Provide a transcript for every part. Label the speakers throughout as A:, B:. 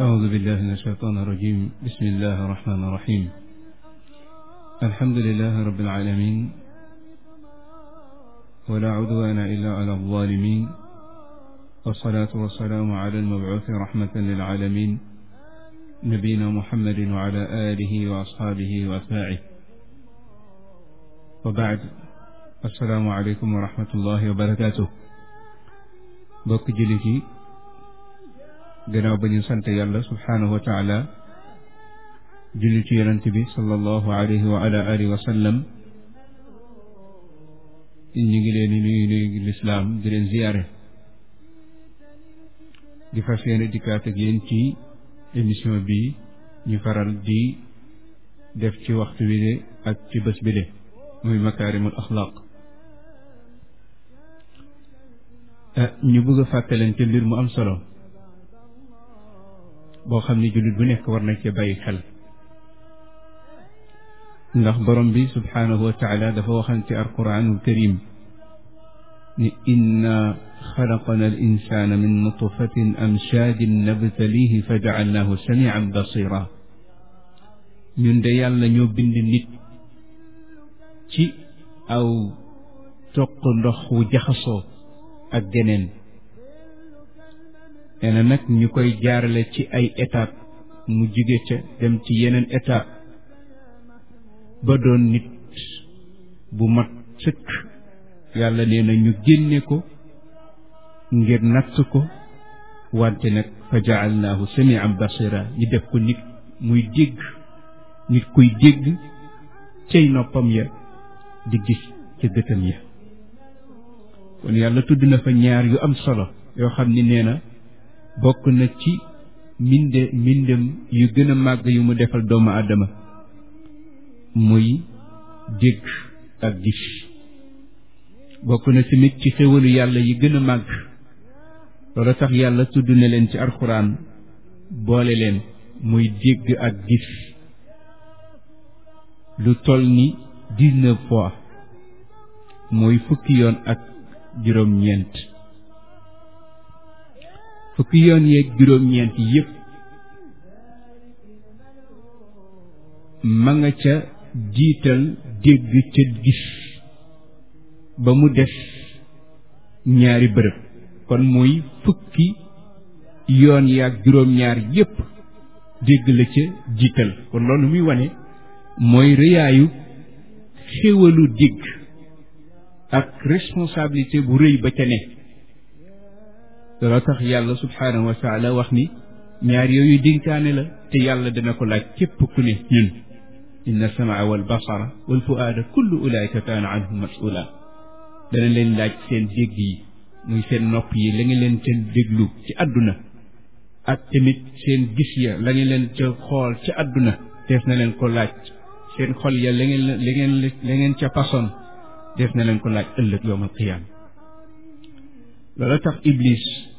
A: أعوذ بالله من الشيطان الرجيم بسم الله الرحمن الرحيم الحمد لله رب العالمين ولا عدوان إلا على الظالمين والصلاة والسلام على المبعوث رحمة للعالمين نبينا محمد وعلى آله وأصحابه وأتباعه وبعد السلام عليكم ورحمة الله وبركاته بك جلتي gannaaw ba ñu sant yàlla subhaanahu wa taala julli ci yonent bi sallallahu alayhi wa ala alihi wa sallam ñu ngi leen di nuyu lislaam di leen ziyaare di fas gi dikkaat ak yéen ci émission bi ñu faral di def ci waxtu wi de ak ci bés bi de muy makaarimul axlaaq ah, ñu bëgg a fàttalante mbir mu am solo boo xam ne jullit bu nekk war na cee bàyyi xel ndax borom bi subhaanahu wa taala dafa waxan ci alquraanul karim ni inna xalaqna al insaana min nutfatin amshaajin nabtalihi fa jacalnaahu samian basira ñun de yàlla ñoo bind nit ci aw toq ndox wu jaxasoo ak geneen nee na nag ñu koy jaarale ci ay étape mu jóge ca dem ci yeneen étape ba doon nit bu mat sëkk yàlla nee na ñu génne ko ngir natt ko wante nag fa jaalnaahu am basira ñu def ko nit muy dégg nit kuy dégg cay noppam ya di gis ca gëtam ya kon yàlla tudd na fa ñaar yu am solo yoo xam ni nee na bokk na ci mbinde mbindam yu gën màgg yu mu defal doomu aadama muy dégg ak gis bokk na tamit ci xéwalu yàlla yi gën a màgg loolu tax yàlla tudd na leen ci alxuraan boole leen muy dégg ak gis lu toll ni dix-neuf muy fukki yoon ak juróom-ñeent fukki yoon yeeg juróom-ñeent yépp ma nga ca jiital dégg ca gis ba mu des ñaari bërëb kon muy fukki yoon yaag juróom-ñaar yépp dégg la ca jiital kon loolu muy wane mooy rëyaayu xéwalu dégg ak responsabilité bu rëy ba ca ne dana tax yàlla subhaanahu wa taala wax ni ñaar yooyu dénkaane la te yàlla dana ko laaj képp ku ne ñun inna samaa wa basara wal fuaada kullu ulaayika kaana anhu masula dana leen laaj seen dégg yi muy seen nopp yi la nga leen seen déglu ci àdduna ak tamit seen gis ya la nga leen ca xool ci àdduna def na leen ko laaj seen xol ya la ngeen la ngeen la ngeen pasoon def na leen ko laaj ëllëg yowmal qiyaama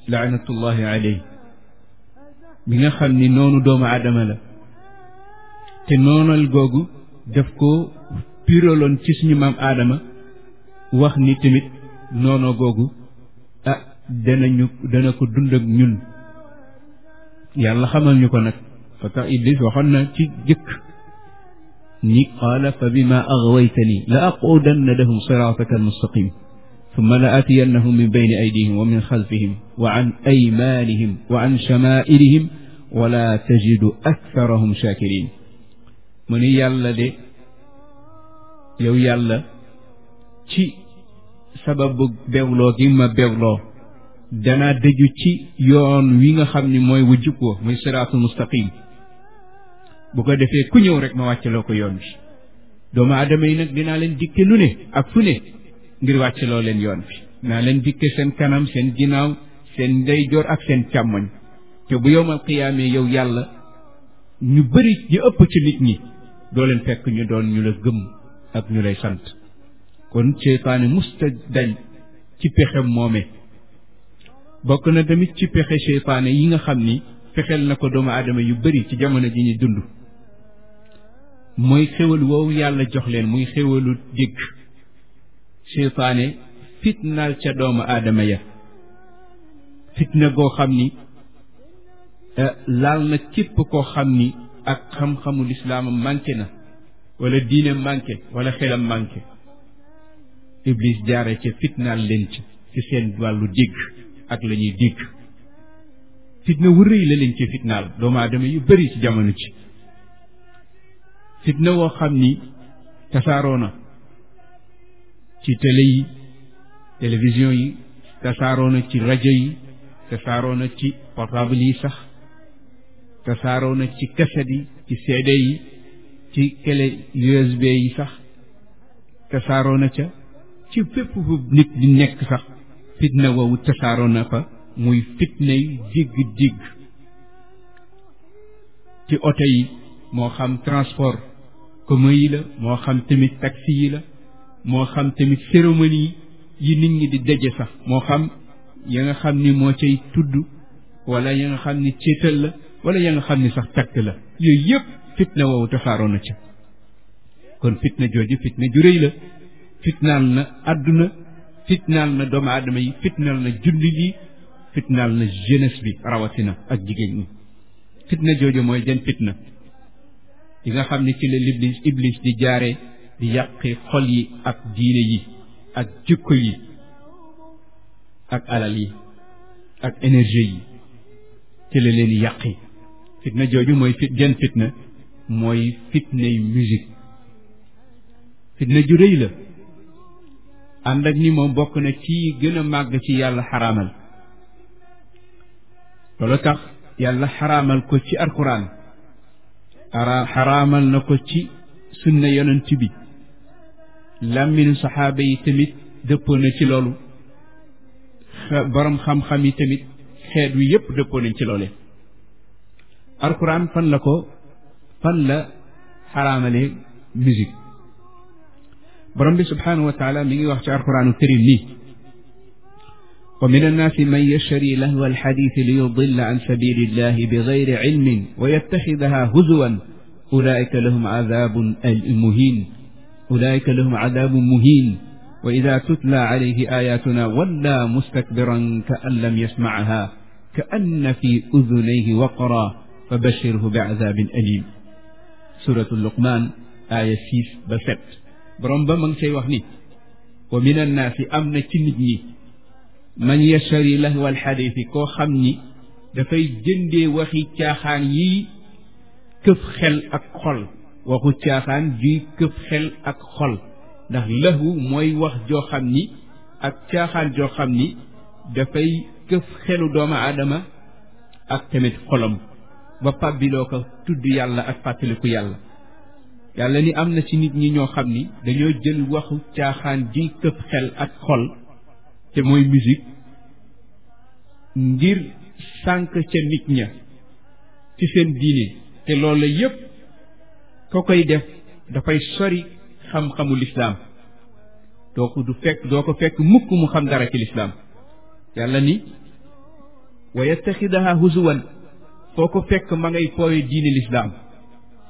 A: laanatullahi aley bi nga xam ni noonu doomu aadama la te noonal googu def ko piraloon ci suñu maam aadama wax ni tamit noonoo googu ah danañu dana ko dund ak ñun xam xamal ñu ko nag fa tax iblis waxoon ci jëkk ni qaala fa bima agwaytani la aqudanna lahum siraataka almustaqim summa la aatiyannahum min bayni aydihim wa min xalfihim wa an aymaanihim wa an chamaa'ilihim wala tajidu aktharahum shaakiriin mu ni yàlla de yow yàlla ci sababu bewloo gi ma bewloo ci yoon wi nga xam ni mooy wu jub wa muy siraatul mustaqim bu ko defee ku ñëw rek ma wàcce loo ko yoon bi doomu aadama yi nag dinaa leen dikke lu ne ak fu ne ngir loo leen yoon bi naa leen dikke seen kanam seen ginnaaw seen ndeyjoor ak seen càmmoñ te bu yowmal xiyaamee yow yàlla ñu bari ñu ëpp ci nit ñi doo leen fekk ñu doon ñu la gëm ak ñu lay sant kon seytaane musta dañ ci pexe moome bokk na tamit ci pexe seytaane yi nga xam ni fexeel na ko doomu aadama yu bari ci jamono ji ñu dund mooy xéwal woowu yàlla jox leen muy xéwalu dégg seytaane fitnaal ca doomu aadama ya fitna goo xam ni eh, laal na képp koo xam ni ak xam-xamu lislaamam manqué na wala diine manqué wala xelam manqué iblis jaare ca fitnaal leen ci ci seen wàllu dégg ak la ñuy dégg fitna wu rëy la leen ci fitnaal doomu aadama yu bëri ci jamono ci fitna woo xam ni tasaaroo na ci télé yi télévision yi tasaaroo na ci rajo yi tasaaroo na ci portable yi sax tasaaroo na ci kaset yi ci CD yi ci clé USB yi sax tasaaroo na ca ci fépp fu nit di nekk sax fitna woowu tasaaroo na fa muy fitna yi jig ci oto yi moo xam transport commun yi la moo xam tamit taxi yi la moo xam tamit cérémonie yi nit ñi di daje sax moo xam ya nga xam ni moo cay tudd wala ya nga xam ni céetal la wala ya nga xam ni sax takk la yooyu yëpp fitna woowu tasaaroo na ca kon fitna jooju fitna ju rëy la fitnaal na àdduna fitnaal na doomu aadama yi fitnaal na jullit yi fitnaal na jeunesse bi rawatina ak jigéen ñi fitna jooju mooy den fitna yi nga xam ni ci la iblis iblis di jaare di yàqe xol yi ak diine yi ak jikko yi ak alal yi ak énergie yi ci la leen yàqi fitna jooju mooy fit genn fitna mooy fitnay musique fitna ju rëy la ànd ak ni moom bokk na ci gën a màgg ci yàlla xaraamal loola tax yàlla xaraamal ko ci alquran xaraamal na ko ci sunna yonent bi làmmiñu saxaaba yi tamit dëppoo na ci loolu borom xam-xam yi tamit xeet wi yépp dëppoo nañ ci loole alquran fan la ko fan la xaraamale musique borom bi subhaanahu wa taala mi ngi wax ci alquraanu karim nii wa min annaasi man yashtari lahwa alxadiisi li yudilla an sabilillahi bi gayri ilmin wa yattaxidaha huzuwan ulaika lahum azaabun muhin ulaayika lahum adaabun muhiin wa ida tutla alayhi ayaatuna walla mustakbiran ka an lam yasmacaha ka anna fi udunayhi waqra fa bashirhu bi adaabin aliim suratu luqmaan aaya six ba sept borom ba ma ngi cay wax ni wa min annaasi am na ci nit ñi man yashtari lahwa alxadiisi koo xam ni dafay jëndee waxi caaxaan yii këf xel ak xol waxu caaxaan juy këf xel ak xol ndax lëhu mooy wax joo xam ni ak caaxaan joo xam ni dafay këf xelu doomu aadama ak tamit xolam ba pàbbiloo ko tudd yàlla ak fàttaliku yàlla yàlla ni am na ci nit ñi ñoo xam ni dañoo jël waxu caaxaan juy këf xel ak xol te mooy musique ngir sànq ca nit ña ci seen diine te loolu yépp ko koy def dafay sori xam-xamu lislaam doo ko du fekk doo ko fekk mukk mu xam dara ci lislaam yàlla ni wa yattaxidaha huzuwan foo ko fekk ma ngay pooye diine lislaam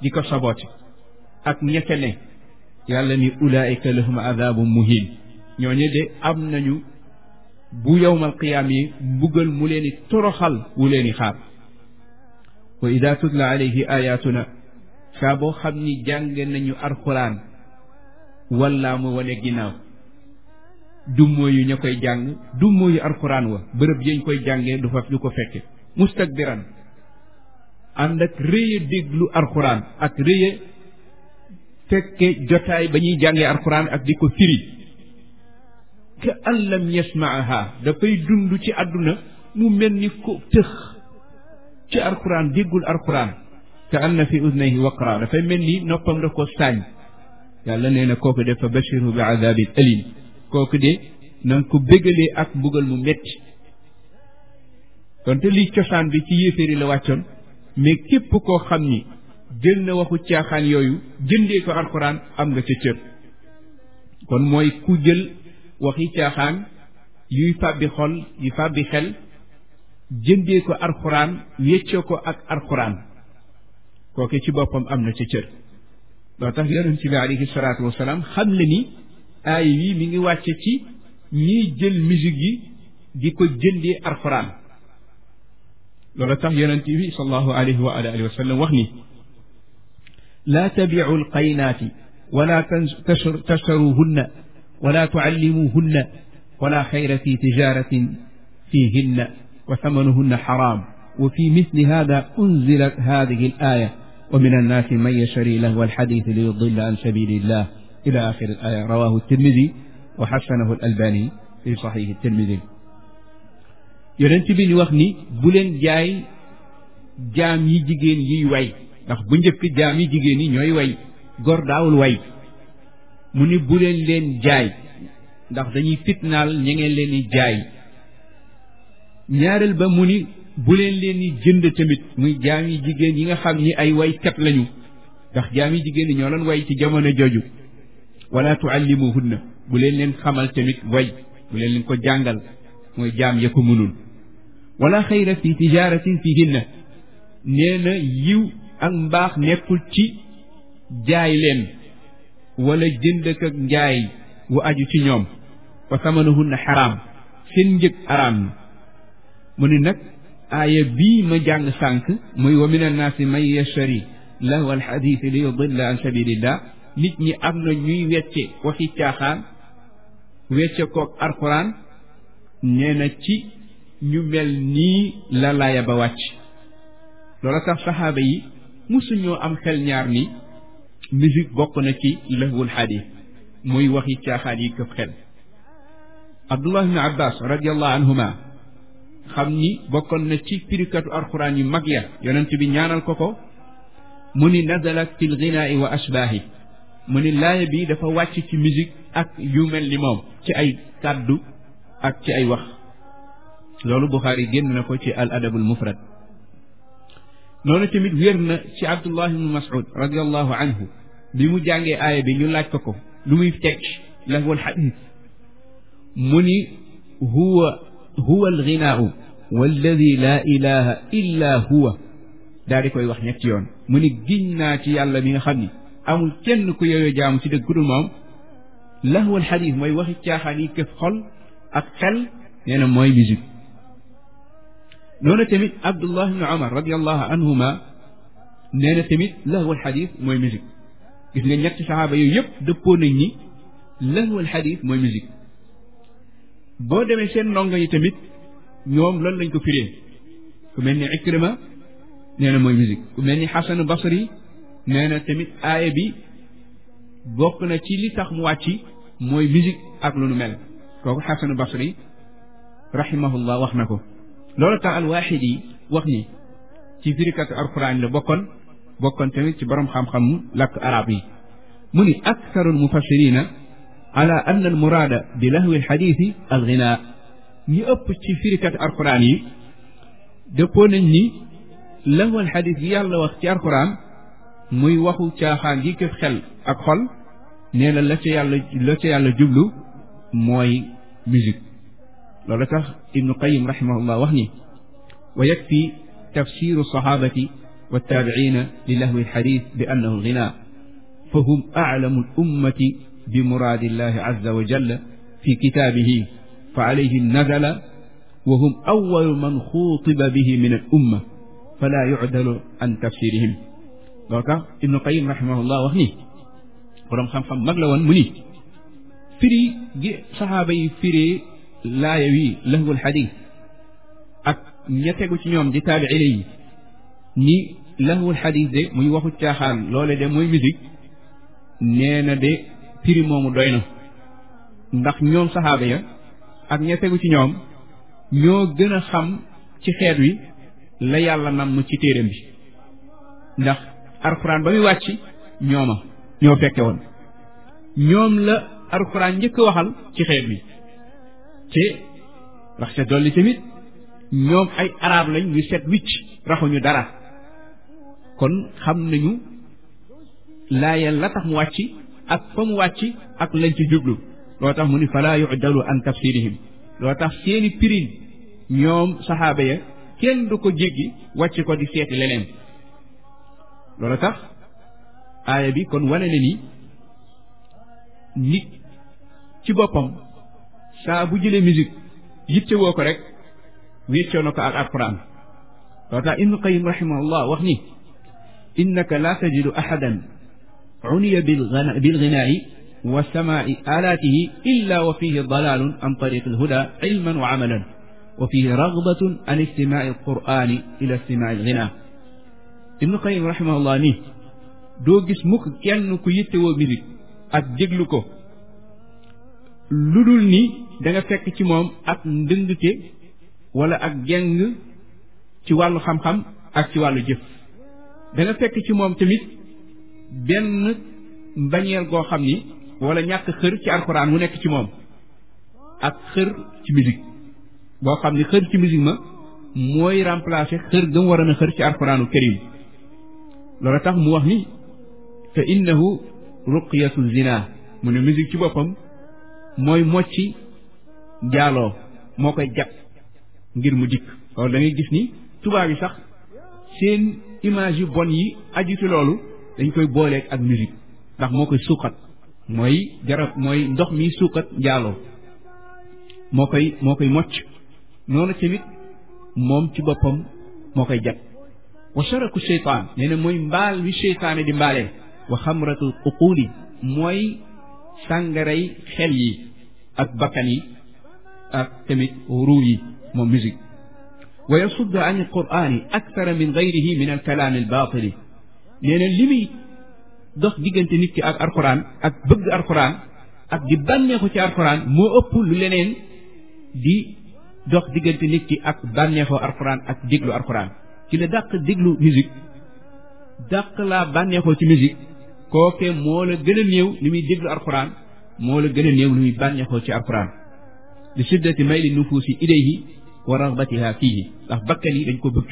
A: di ko saboote ak ñette ne yàlla ni ulaayika lahum adaabum muhin ñooñu de am nañu bu yowmal qiyaam yi mbugal mu leen i toroxal wu leen i xaar wa ida tutla alayhi ayatuna saa boo xam ni jàng nañu alxuraan walla mu wane ginnaaw du ña koy jàng du mooyu alxuraan wa bërëb yañ koy jànge du fa du ko fekke mustakbiran ànd ak rëy déglu alxuraan ak rëy fekke jotaay ba ñuy jànge alxuraan ak di ko firi ka an lam yasmaaha dafay dund ci àdduna mu mel ni ko tëx ci alxuraan déggul alxuraan ka anna fi udnayhi waqra dafay mel ni noppam daf nee na kooku de fa bashiru bi azabin alim kooku ko bégalee ak mbugal mu metti bi ci yéeféeri la wàccoon mais xam ni jël na waxu yooyu jëndee ko alxuraan am nga kon mooy ku jël waxi caaxaan yuy fàbbi xol yu fàbbi xel jëndee ko alxuraan weccoo ko ak alxuraan kooke ci boppam am na ca cër loo tax yonent bi alayhi salaatu wasalaam xam le ni aay yi mi ngi wàcce ci ñiy jël musique yi di ko jëndee alxuraan loolu tax yonent bi sallallahu alayhi wa alihi wa sallam wax ni laa tabicu alqaynaati wala tashtaruhunna wala tucallimuhunna wala xayra fi tijaratin fiihinna wa thamanuhunna xaraam wa fi misli hada unzilat hadihi al aaya wa min annaasi man yashari lahwa alxadiis li yudilla an sabilillah ila axiri alaya rawahu tirmidi wa xasanahu albani fi saxiixi tirmidi yonent bi ñu wax ni bu leen jaay jaam yi jigéen yiy way ndax bu njëkk jaam yi jigéen yi ñooy way góor daawul way mu ni bu leen leen jaay ndax dañuy fitnaal ña ngeen leen di jaay ñaareel ba mu ni bu leen leen jënd tamit muy jaam yi jigéen yi nga xam ni ay waykat lañu ndax jaam yi jigéen yi ñoo doon way ci jamono jooju wala tuallimuhunna bu leen leen xamal tamit way bu leen leen ko jàngal mooy jaam ya ko mënul wala xayra fi tijaaratin fihinna nee na yiw ak mbaax nekkul ci jaay leen wala jënd ak ak njaay wu aju ci ñoom wa samanahunna xaraam seen njëg araam mu ni nag aaya bii ma jàng sànq muy wa min annaasi man yashtari lahwa alxadiisi li yudilla an sabilillah nit ñi am na ñuy wecce waxi caaxaan wecce koog alxuraan nee na ci ñu mel nii la laaya ba wàcc loola tax saxaaba yi musuñoo am xel ñaar ni musique bokk na ci lahwul xadiis moy waxi caaxaan yi këf xel abdullah ibn abbas radiallahu anhuma xam ni bokkoon na ci firikatu alxuraan yu mag ya yonent bi ñaanal ko ko mu ni nazalat fil ghinaai wa ashbaahi mu ni laaya bi dafa wàcc ci musique ak yu mel moom ci ay kàddu ak ci ay wax loolu Buxaari génn na ko ci al adabul mufrad noonu tamit wér na ci Abdullah ibn Mas'ud radiyallahu anhu bi mu jàngee ay bi ñu laaj ko ko lu muy tekki lahwul xadiis mu ni huwa huwa alginaahu walladi laa illa huwa daal di koy wax ñetti yoon mu ni giñ naa ci yàlla mi nga xam ni amul kenn ku yeyoo jaamu ci dëgg ku dul moom lahwal xadiis mooy waxi caaxaan yi këf xol ak xel nee na mooy musique noonu tamit abdullah ibni omar radiallahu anhuma nee na tamit lahwal xadiis mooy boo demee seen ndongo yi tamit ñoom loolu lañ ko firee ku mel ni Ikrima nee mooy musique ku mel i Xasanu Basri nee na tamit aaya bi bokk na ci li tax mu wàcci mooy musique ak lu nu mel kooku Xasanu Basri rahimahullah wax na ko loolu tax alwaaxid yi wax ni ci firikatu alquran la bokkoon bokkoon tamit ci borom xam-xam lakk arab yi mu ni aktarul mufassirina ala anna al muraada bi lahwi al xadiisi al ginaa ñi ëpp ci firikati alquran yi dëppoo nañ ni lahwi al xadiis gi yàlla wax ci alquran muy waxu caaxaan gi këf xel ak xol nee na la ca yàlla la ca yàlla jublu mooy musique loolu tax ibnu qayim rahimahullah wax ni wa yakfi tafsiru saxaabati wa taabiina li lahwi al xadiis bi annahu al ginaa fa hum aclamu al ummati bi muraadillahi azza wa jalla fi kitaabihi fa alayhim nazala wa hum awwalu man xuutiba bihi min al umma fala yucdalu ah, wax ni boroom la woon mu ni firi gi saxaaba yi firee laaya wi lahwul xadiis ak ña tegu ci ñoom di taabiine yi ni lahwul xadiis de caaxaan loole de mooy musique nee de prix moomu doy na ndax ñoom saxaaba ya ak ña tegu ci ñoom ñoo gën a xam ci xeet wi la yàlla nam ci téeram bi ndax alxuraan ba muy wàcc ñooma ñoo fekke woon ñoom la alxuraan njëkk a waxal ci xeet wi te wax ca dolli tamit ñoom ay arab lañ ñu set wicc raxuñu dara kon xam nañu laayeen la tax mu wàcc ak fa mu wàcc ak lañ ci jublu loo tax mu ni fala yudalu an tafsirihim loo tax seeni pirin ñoom saxaaba ya kenn du ko jéggi wàcc ko di seeti leneen loolu tax aaya bi kon wane ne ni nit ci boppam saa bu jële musique yitte woo ko rek wéccoo na ko ak alquran loo tax ibnu qayim rahimahullah wax ni innaka la tajidu ahadan uniya bilginaa'i wa samaa'i aalaatihi illaa wa fiihi dalaalun an tariiqi alhudaa ilman wa amalan wa fiihi ragbatun an istimaa'i alqur'aani ila istimaa'i alginaa ibnu Qayyim rahimahullah ni doo gis mukk kenn ku yittewoo musique ak déglu ko lu dul ni da nga fekk ci moom ak ndëngte wala ak geng ci wàllu xam-xam ak ci wàllu jëf da nga fekk ci moom tamit benn mbañeel goo xam ni wala ñàkk xër ci alxuraan mu nekk ci moom ak xër ci musique boo xam ni xër ci musique ma mooy remplacer xër gëm waroon a xër ci alxuraanu karim loolu tax mu wax ni fa innahu ruqyatu zina mu ne musique ci boppam mooy mocci jaaloo moo koy jat ngir mu dikk loolu dangay gis ni tubaab yi sax seen image yu bon yi aju ci loolu dañ koy booleeg ak musique ndax moo koy suuxat mooy garab mooy ndox mi suuxat njaaloo moo koy moo koy mocc noonu tamit moom ci boppam moo koy jag wa sharaku cheytaan nee na mooy mbaal wi cheytaane di mbaalee wa xamratu uquuli mooy sàngaray xel yi ak bakkan yi ak tamit ruu yi moom musique wa yasuddu an alqurani akthara min gayrihi min alkalaami albaatili nee na li muy dox diggante nit ki ak alxuraan ak bëgg alxuraan ak di bànneexu ci alxuraan moo ëpp lu leneen di dox diggante nit ki ak bànneexoo alxuraan ak déglu alxuraan ki la dàq déglu musique dàq laa bànneexoo ci musique kooke moo la gën a néew li muy déglu alxuraan moo la gën a néew lu muy bànneexoo ci alxuraan li siddati may li nufuusi ilayhi wa ragbatiha fiihi ndax bakkan yi dañ ko bëgg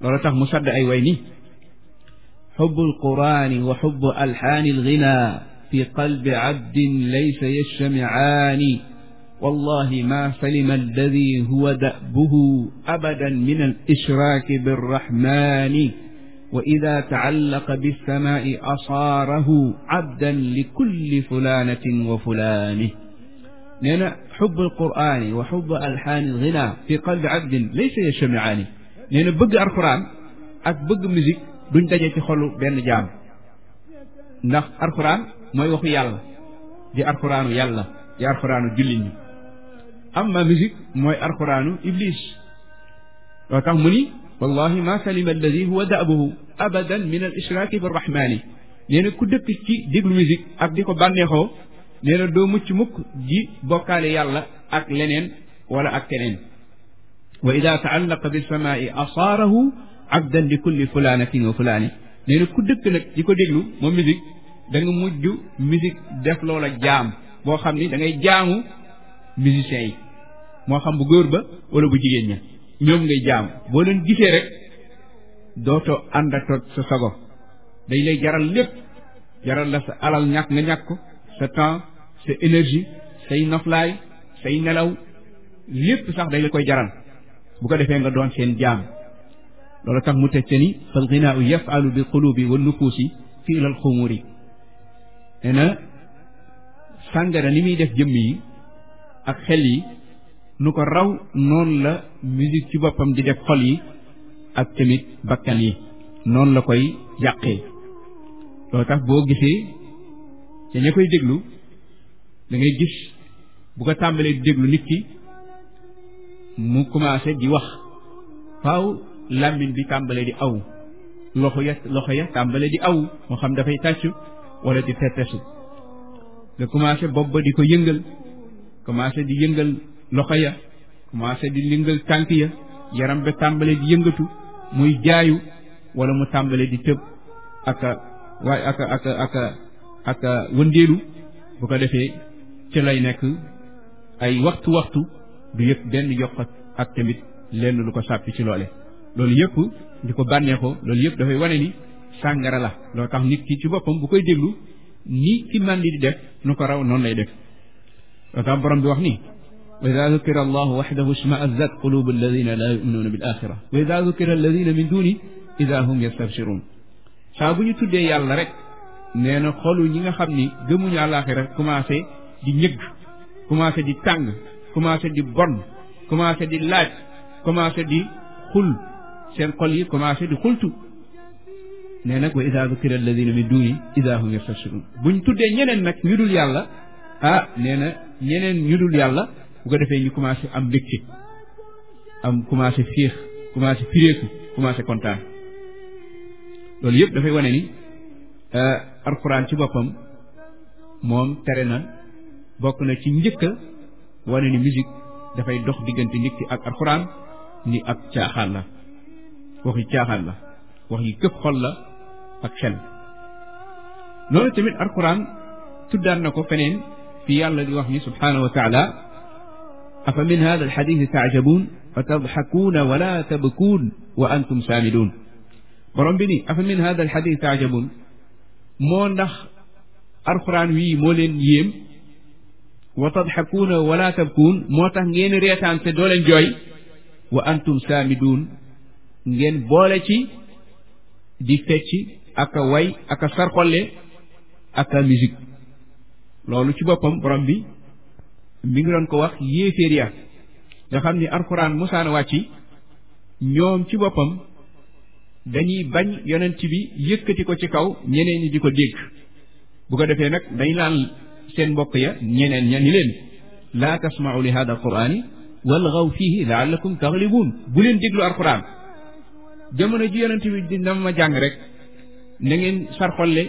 A: loolu tax mu sadd ay way nii حب القرآن وحب ألحان الغنى في قلب عبد ليس يجتمعان والله ما سلم الذي هو دأبه أبدا من الإشراك بالرحمن وإذا تعلق بالسماء أصاره عبدا لكل فلانة وفلانه nee na xubbul quraani wa xubbu alxaani alxina fi qalbi abdin laysa yajtamiaani nee na bëgg alxuraan ak bëgg musique duñ daje ci xolu benn jaam ndax alxuraan mooy waxu yàlla di alxuraanu yàlla di alxuraanu jullit ñi amma musique mooy alxuraanu iblis loo tax mu ni wallahi ma salima alladi huwa daabuhu abadan min al israaki bi rahmaani nee ku dëkk ci déglu musique ak di ko bànneexoo nee na doo mucc mukk di bokkaale yàlla ak leneen wala ak keneen wa ida taallaqa bi samaai asaarahu ak abdan li kulli fulaanatin wa fulaani nee na ku dëkk nag di ko déglu moom musique da nga mujj musique def loola jaam boo xam ni dangay ngay jaamu musiciens yi moo xam bu góor ba wala bu jigéen ña ñoom ngay jaam boo leen gisee rek dootoo ànd ak sa sago dañ lay jaral lépp jaral la sa alal ñàkk nga ñàkk ko sa temps sa énergie say noflaay say nelaw lépp sax dañ la koy jaral bu ko defee nga doon seen jaam loolu tax mu teg ca ni fal ghinaa'u yaf'alu bi qulubi wa nufuusi fi ilal xumuri nee na sàngara ni muy def jëmm yi ak xel yi nu ko raw noonu la musique ci boppam di def xol yi ak tamit bakkan yi noonu la koy yàqee loolu tax boo gisee te koy déglu dangay gis bu ko tàmbalee di déglu nit ki mu commencé di wax làmmiñ bi tàmbale di aw loxo ya loxo ya tàmbale di aw moo xam dafay tàccu wala di tettesu nga commencé bopp ba di ko yëngal commencé di yëngal loxo ya commencé di yëngal tànk ya yaram ba tàmbale di yëngatu muy jaayu walla mu tàmbale di tëb ak a waaye ak ak ak ak wëndeelu bu ko defee ci lay nekk ay waxtu waxtu du yëg benn yokkat ak tamit lenn lu ko sàppi ci loole loolu yëpp di ko bànneexoo loolu yëpp dafay wane ni sàngara la loo tax nit ci boppam bu koy déglu ni ki màndi di def nu ko raw noonu lay def loo tax borom bi wax ni wa ida zukira allahu waxdahu shma'azzat qulubu alladina la yuminuuna bil axira wa ida zukira alladina min duni ida hum yastabshiruun saa bu ñu tuddee yàlla rek nee na xolu ñi nga xam ni gëmuñu àllaaxira commencé di ñëgg commencé di tàng commencé di bon commencé di laaj commencé di xul seen xol yi commencé di xultu nee nag wa ida dukira alladina min duni ida hum bu ñu tuddee ñeneen nag ñu dul yàlla ah nee na ñeneen ñu dul yàlla bu ko defee ñu commencé am mbégte am commencé fiix commencé firéeku commencé kontaan loolu yëpp dafay wane ni ah, alquran ci boppam moom tere na bokk na ci njëkk a wane ni musique dafay dox diggante nit ak alquran ni ak caaxaan la wax yu caaxaan la wax yu këpp xol la ak xel loolu tamit alquran tuddaan na ko feneen fi yàlla di wax ni subhaanahu wa taala afa min hada alxaditi taajabuun fa tadxakuuna wala tabkuun wa antum saamiduun borom bi ni afa min hada alxaditi taajabuun moo ndax alquran wii moo leen yéem wa tadxakuuna wala tabkuun moo tax ngeen reetaan te doo leen jooy wa antum saamiduun ngeen boole ci di fecc ak a way ak a sarxolle ak a musique loolu ci boppam borom bi bi ngi doon ko wax yéeféer ya nga xam ni alxuraan mosaan wàcci ñoom ci boppam dañuy bañ yonent bi yëkkati ko ci kaw ñeneen yi di ko dégg bu ko defee nag dañ laan seen mbokk ya ñeneen ña ni leen laa tasma'u li hada alqurani walgaw fihi laallakum taxlibuun bu leen déglu alxuraan jamono ji yonent bi di na ma jàng rek na ngeen sarxolle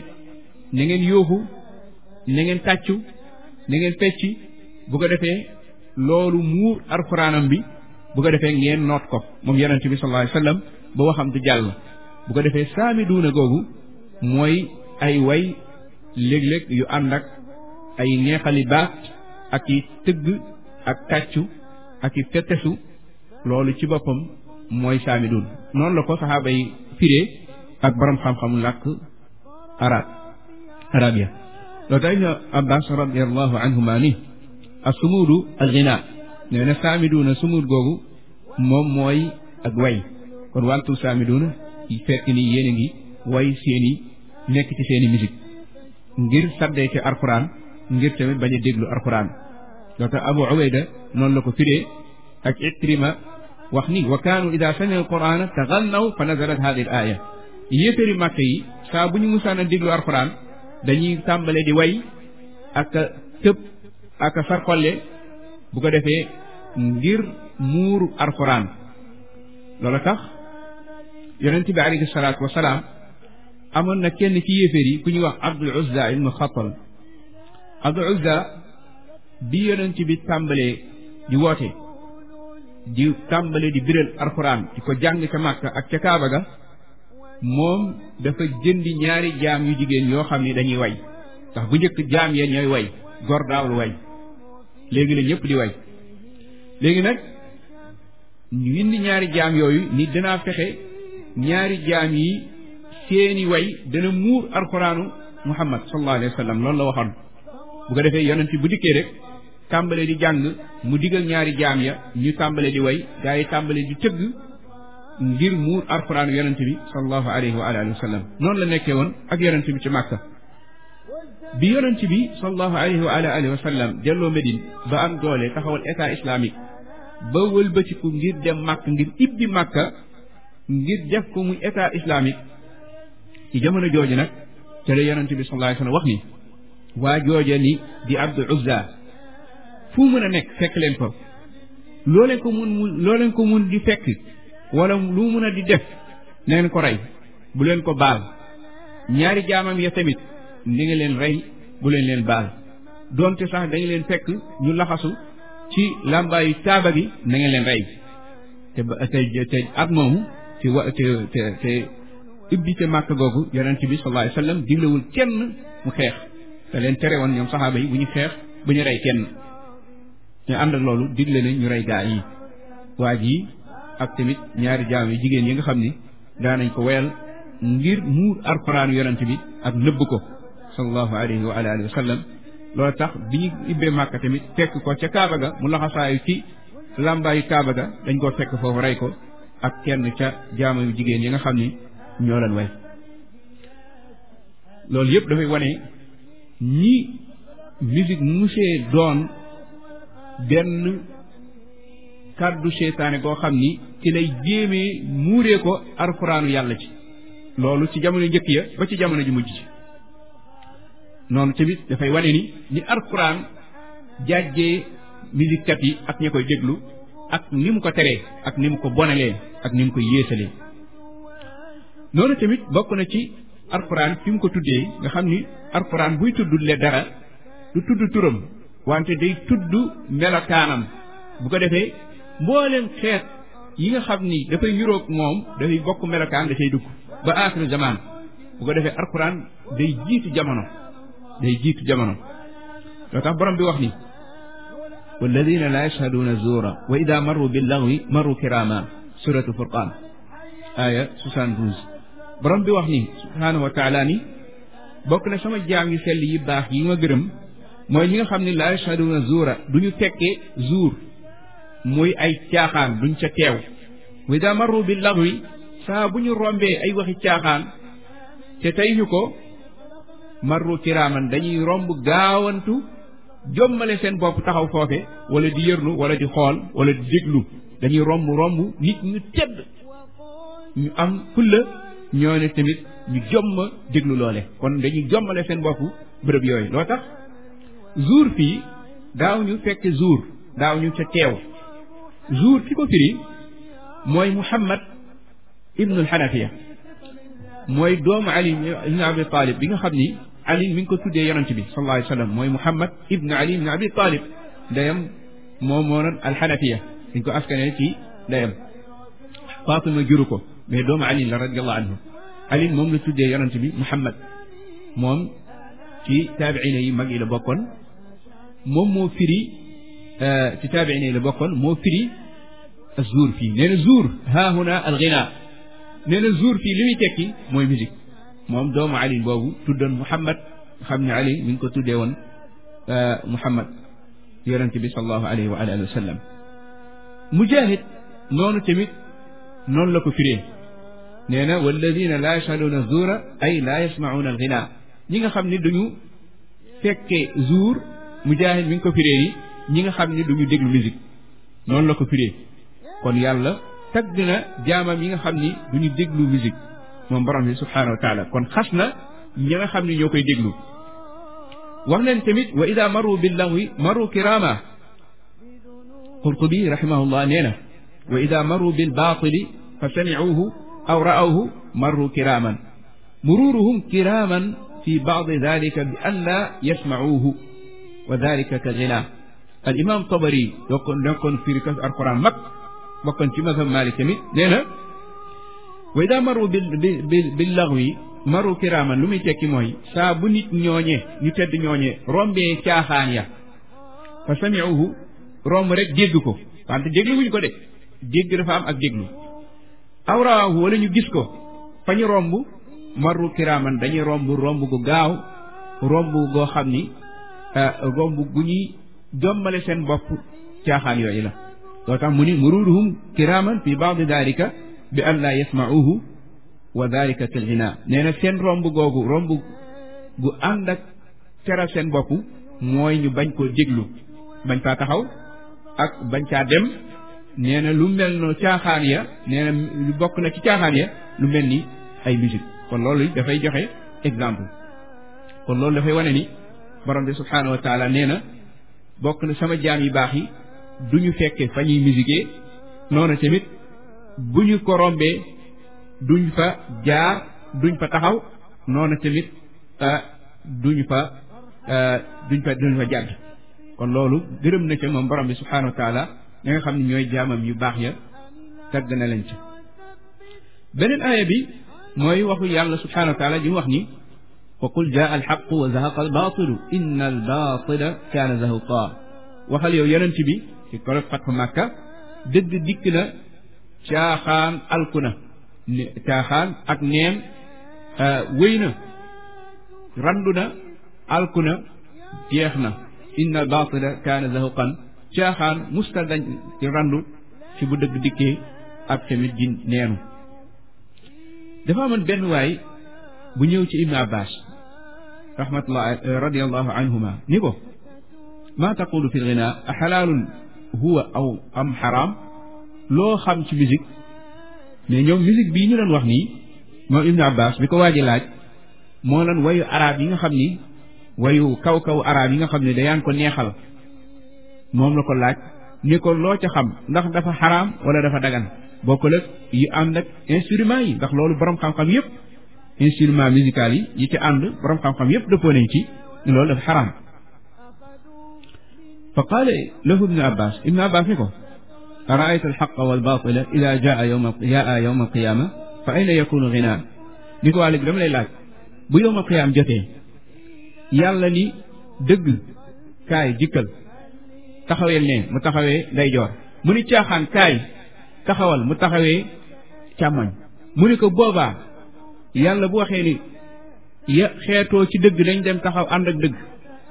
A: na ngeen yooxu na ngeen tàccu na ngeen fecci bu ko defee loolu muur alxuraanam bi bu ko defee ngeen noot ko moom yonent bi sallallahu alayhi wasallam ba waxam di jàll bu ko defee saami duuna googu mooy ay way léeg-léeg yu ànd ak ay neexali baat ak i tëgg ak tàccu ak i tettesu loolu ci boppam mooy saamidun noonu la ko saxaaba yi firee ak borom xam-xamu làkk arab abbas radiallahu anhuma ni ak sumuudu al nee na saamiduuna sumuud googu moom mooy ak way kon wantu saamiduuna fekk ni yéen ngi way seeni nekk ci seeni musique ngir saddee ci alxuraan ngir tamit bañ déglu alxuraan loolu abu ubayda noonu la ko firee ak ikrima wax ni wa kaanu ida samiu alqurana tagannaw fa nazalat hadi l aaya yéeféri màkk yi saa bu ñu musaan a déglu alquran dañuy tàmbale di way ak a tëb ak a sarxolle bu ko defee ngir muuru alquran loola tax yonent bi alayhi salaatu wasalaam amoon na kenn ci yéeféer ku ñuy wax abdul uzza ibnu xatal abdul uzza bi yonent bi tàmbalee di woote di tàmbale di biral alxuraan di ko jàng ca màkka ak ca kaaba ga moom dafa jëndi ñaari jaam yu jigéen yoo xam ne dañuy way ndax bu njëkk jaam yeen ñooy way góor daawul way léegi la ñëpp di way léegi nag windi ñaari jaam yooyu ni danaa fexe ñaari jaam yi seeni way dana muur alxuraanu muhammad sallallahu alayhi wa sallam loolu la waxoon bu ko defee yonent bu dikkee rek tàmbale di jàng mu digal ñaari jaam ya ñu tàmbale di way gaa yi tàmbale di tëgg ngir muur alxuraan yonent bi sallallahu alayhi wa alihi wa la nekkee woon ak yonent bi ci màkka bi yonent bi sallallahu alayhi wa alihi delloo Medine ba am doole taxawal état islamique ba wëlbatiku ngir dem màkk ngir ibbi màkka ngir def ko muy état islamique ci jamono jooju nag ca la yonent bi sallallahu wa sallam wax ni waa jooja ni di Abdul Uzza fu mën a nekk fekk leen ko mun loo leen ko mun di fekk wala lu mën a di def neen ko rey bu leen ko baal ñaari jaamam ya tamit ni nga leen rey bu leen leen baal doonte sax dañu leen fekk ñu laxasu ci làmbaayu taaba gi na nga leen rey te ba te te at moomu ci wa te te te ubbi te màkk googu yonent bi sallallahu alayhi wa sallam kenn mu xeex te leen tere woon ñoom saxaaba yi bu ñu xeex bu ñu rey kenn ñu ànd loolu digle ne ñu rey gaa yi waa ji ak tamit ñaari jaam yi jigéen yi nga xam ni daanañ ko woyal ngir muur alxuraanu yonent bi ak nëbb ko sallallahu alayhi wa alihi wa sallam loolu tax bi ñu ibbee màkka tamit fekk ko ca kaaba ga mu laxasaayu ci làmbaayu kaaba ga dañ koo fekk foofu rey ko ak kenn ca jaama yu jigéen yi nga xam ni ñoo leen way loolu yëpp dafay wane ñi musique mu musee doon benn kàddu seytaane goo xam ni ci lay jéemee muuree ko alxuraanu yàlla ci loolu ci jamono njëkk ya ba ci jamono ji mujj ci noonu tamit dafay wane ni ni alxuraan jaajee misikkat yi ak ña koy déglu ak ni mu ko teree ak ni mu ko bonalee ak ni mu ko yéesalee noonu tamit bokk na ci alxuraan fi mu ko tuddee nga xam ni alxuraan buy tuddle dara lu tudd turam wante day tudd melokaanam bu ko defee mbooleem xeet yi nga xam ni dafay niroog moom dafay bokk melokaan da cay dugg ba aaxiru zamaan bu ko defee alxuraan day jiitu jamono day jiitu jamono loo tax borom bi wax ni walladina la yashhaduuna zuura wa ida marru billaghwi marru kirama suratu furqaan aya 72 borom bi wax ni subhaanahu wa taala bokk na sama jaam yu sell yi baax yi ma gërëm mooy ñi nga xam ni laa yashhaduna zuura du ñu tekkee zuur muy ay caaxaan duñ ca teew wa ida marru bi lagwi saa bu ñu rombee ay waxi caaxaan te tey ñu ko marru kiraaman dañuy romb gaawantu jommale seen bopp taxaw foofe wala di yërnu wala di xool wala di déglu dañuy romb romb nit ñu tedd ñu am fulla ñoo ne tamit ñu jomma déglu loole kon dañuy jommale seen bopp bërëb yooyu loo tax zuur fii daaw ñu fekke zuur daaw ñu ca teew zuur ki ko firi mooy muhammad ibnul xanafiya mooy doomu ali ibnu abi talib bi nga xam ni ali mi ngi ko tuddee yonent bi sallallahu alayhi wa sallam mooy muhammad ibnu ali ibnu abi talib ndeyam moom moonoon alxanafiya dañ ko askanee ci ndeyam fatima juru ko mais doomu ali la radiallahu anhu ali moom la tuddee yonent bi muhammad moom ci taabiina yi mag yi la bokkoon moom moo firi euh, ci taabiin yi la bokkoon moo firi zuur fii nee na zuur ha huna al ghina nee na zuur fii li muy tekki mooy musique moom doomu Ali boobu tuddoon Muhammad xam ne Ali mi ngi ko tuddee woon euh, Muhammad yonente bi sallallahu alayhi wa alihi wa sallam mujahid noonu tamit noonu la ko firee nee na walladina laa yashhaduuna zuura ay laa yasmacuuna al ghina ñi nga xam ne duñu fekkee zuur mujaahid mi ngi ko firee yi ñi nga xam ne duñu déglu musique noonu la ko firee kon yàlla tagg na jaamam yi nga xam ni duñu déglu musique moom borom bi subhaanahu wa taala kon xas na ñi nga xam ni ñoo koy déglu wax leen tamit wa ida maru bil lawi maru kirama qurtubi rahimahullah nee na wa ida maru bil baatili fa samicuuhu aw ra'awhu maru kiraaman muruuruhum kiraaman fi baadi dalika bi an la yasmacuuhu wa dalika ka zina al imam tabari dokkoon dokkoon firi kas alquran mag maru bil bil laghwi maru kiraaman lu muy tedd ñooñe rombee caaxaan ya fa sami'uhu romb rek dégg ko wante déglu ko de dégg dafa am ak déglu aw rawaahu wala ñu gis ko fa ñu romb maru kiraaman dañuy romb romb gu gaaw romb goo xam ni gomb euh, gu ñuy jommale seen bopp caaxaan yooyu la loo tax mu ni mururuhum kiraaman fi baadi dalika bi an laa wa dalika kal ina seen romb googu romb gu ànd ak teral seen bopp mooy ñu bañ koo déglu bañ faa taxaw ak bañ caa dem nee lu mel no caaxaan ya nee na bokk na ci caaxaan ya lu mel ni ay musique kon loolu dafay joxe exemple kon loolu dafay wane ni borom bi subhaanahu wa nee na bokk na sama jaam yi baax yi du ñu fekke fa ñuy musique noonu tamit bu ñu ko rombee duñ fa jaar duñ fa taxaw noonu tamit ah, duñ fa ah, duñ fa duñ fa jàdd kon loolu gërëm na ca moom borom bi subhaanahu wa taala nga xam ne ñooy jaamam yu baax ya tagg na leen ca beneen aaya bi mooy waxu yàlla subhaanahu wa taala mu wax ni wa qul jaa alxaqu wa zahaqa albaatilu inna albaatila kaana zahuqa waxal yow yonent bi ci korog fatxu màkka dëgg dikk na caaxaan alku na caaxaan ak neen euh, wéy na randu na alku na jeex na inna albaatila kaana zahuqan caaxaan musta dañ ci randu ci bu dëgg dikkee ak tamit ji neenu dafa amoon benn waay bu ñëw ci Ibn Abbas rahmatullah eh, radiallahu anhuma ni ko maa taqulu fi lgina a xalaalun huwa aw am xaraam loo xam ci musique mais ñoom musique bii ñu doon wax nii moom ibnu abbas bi ko waaji laaj moo lan wayu arab yi nga xam ni wayu kaw-kaw arab yi nga xam ne dayaan ko neexal moom la ko laaj ni ko loo ca xam ndax dafa xaraam wala dafa dagan bokkul ak yu ànd ak instrument yi ndax loolu borom xam-xam yépp instrument musical yi yi ci ànd borom xam-xam yépp dëppoo nañ ci loolu dafa xaraam fa qaala lahu ibnu abbas ibnu abbas ni ko araayta alxaqa walbatila ida jaa yowma jaa yowma alqiyaama fa ayna yakunu ginaa ni ko waa léegi laaj bu yowma qiyaam jotee yàlla ni dëgg kaay jikkal taxaweel ne mu taxawee ndeyjoor mu ni caaxaan kaay taxawal mu taxawee càmmoñ mu ni ko boobaa yàlla bu waxee ni ya xeetoo ci dëgg nañ dem taxaw ànd ak dëgg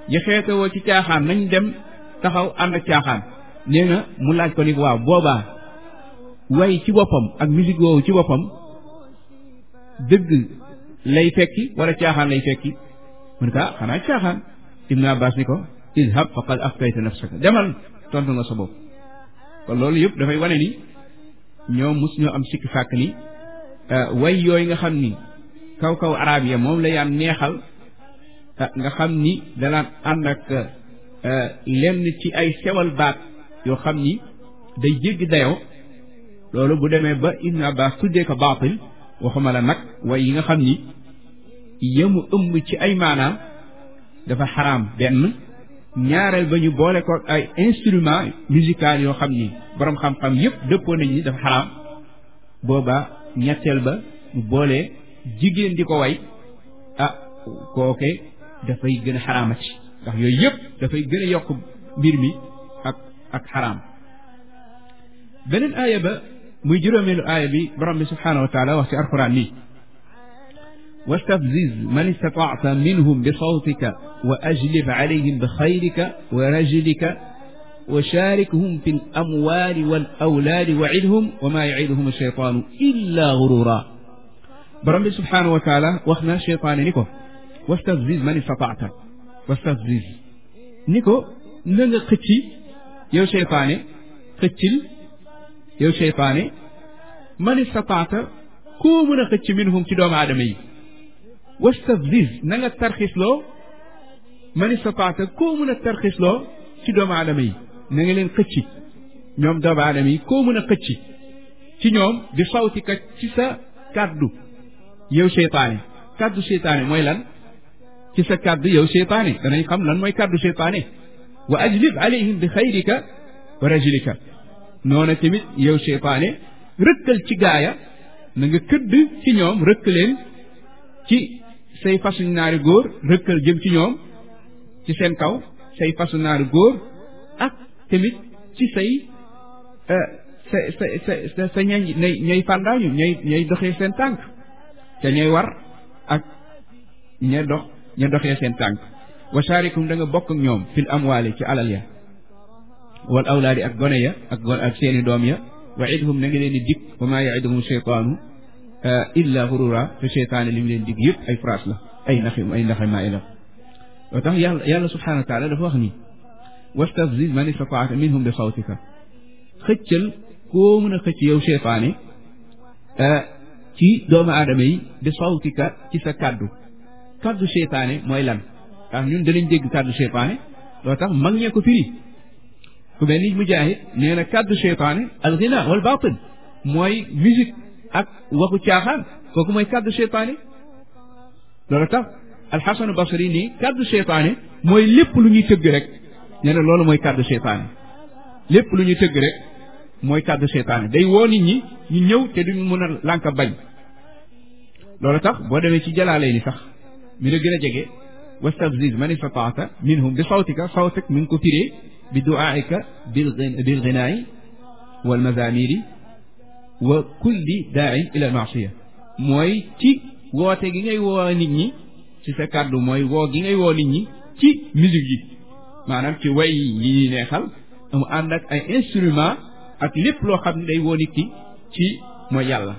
A: ya xeetoo ci caaxaan nañ dem taxaw ànd ak caaxaan nee na mu laaj ko ni waaw boobaa way ci boppam ak musique woowu ci boppam dëgg lay fekki wala caaxaan lay fekki mu ne ko ah xanaa caaxaan ibnu abbas ni ko idhab faqad aftayta nafsaka demal tontu nga sa bopp kon loolu yëpp dafay wane ni ñoom mos ñoo am sikki fàkk ni ah, way yooyu nga xam ni kaw kaw arab ya moom la yaan neexal ah, nga xam ni danaan ànd ak ah, lenn ci ay sewal baat yoo xam ni day jéggi dayoo loolu bu demee ba Ibn Abbas tuddee ko baatil waxuma la nag way yi nga xam ni yemu ëmb ci ay maanaam dafa xaraam benn ñaareel ba ñu boole ko ay instrument musical yoo xam ni boroom xam-xam yépp dëppoo nañ ni dafa xaraam booba ñetteel ba mu boole jigéen di ko way ah kooke dafay gën a xaraamati ndax yooyu yëpp dafay gën a yokk mbir mi ak ak xaraam beneen aaya ba muy juróomeelu aaya bi borom bi subhaanahu wa taala wax ci alquran nii wastafziz man istataata minhum bi sawtika wa ajlib alayhim bi xayrika wa rajlika wa shaarikhum fi l amwaali wal awlaadi wa idhum wa maa yaciduhum alcheytaanu illa gururaa borom bi subhaanahu wa taala wax na cheytaane ni ko wastafziz man istataata wastafziz ni ko na nga xëcci yow cheytaane xëccil yow cheytaane man istataata koo mën a xëcc minhum ci doomu aadama yi wastafziz na nga tarxisloo man istataata koo mën a tarxisloo ci doomu aadama yi na nga leen xëcci ñoom doomu aadama yi koo mën a xëcci ci ñoom di sawtika ci sa kàddu yow seytaane kàddu seytaane mooy lan ci sa kàddu yow seytaane danañ xam lan mooy kàddu seytaane wa ajlib alayhim bi xayrika wa rajulika noona tamit yow seytaane rëkkal ci gaaya na nga këdd ci ñoom rëkk leen ci say fasu naari góor rëkkal jëm ci ñoom ci seen kaw say fasu naari góor ak tamit ci say euh, sa sa sa sa ñay ñay seen tànk te ñooy war ak ña dox ña doxee seen tànk wa shaarikum da nga bokk ak ñoom fil amwaali ci alal ya wal awlaadi ak gone ya ak gone ak seeni doom ya wa idhum na nga leen di dikk wa maa yaiduhum cheytaanu eh, illa xurura te cheytaani li mu leen dig yëpp ay phrase la ay naxi ay naxi maa ilaf loo tax yàlla yàlla subhaanahu wa taala dafa wax nii wastafziz man istataata minhum bi sawtika xëccal koo mën a xëcc yow cheytaani eh, ci doomu aadama yi bi sawtika ci sa kàddu kàddu seytaane mooy lan ndax ñun danañ dégg kàddu seytaane loo tax mag ñee ko firi ku mel ni mujaahid nee na kàddu seytaane al ghina wal mooy musique ak waxu caaxaan kooku mooy kàddu seytaane loolu tax alxasanu basri nii kàddu seytaane mooy lépp lu ñuy tëgg rek nee loolu mooy kàddu seytaane lépp lu ñuy tëgg rek mooy kàddu seytaane day woo nit ñi ñu ñëw te duñ mën a lànk bañ loolu tax boo demee ci jalaalee ni sax mi la gën a jege wastabziz man istataata minhum bi sawtika sawtik mi ngi ko firee bi duaaika bil bil ginaay wal mazamiri wa kulli daain ila almaasiya mooy ci woote gi ngay woo nit ñi ci sa mooy woo gi ngay woo nit ñi ci musique maanaam ci way yi ñuy neexal mu ànd ak ay instrument ak lépp loo xam ne day woo ki ci mooy yàlla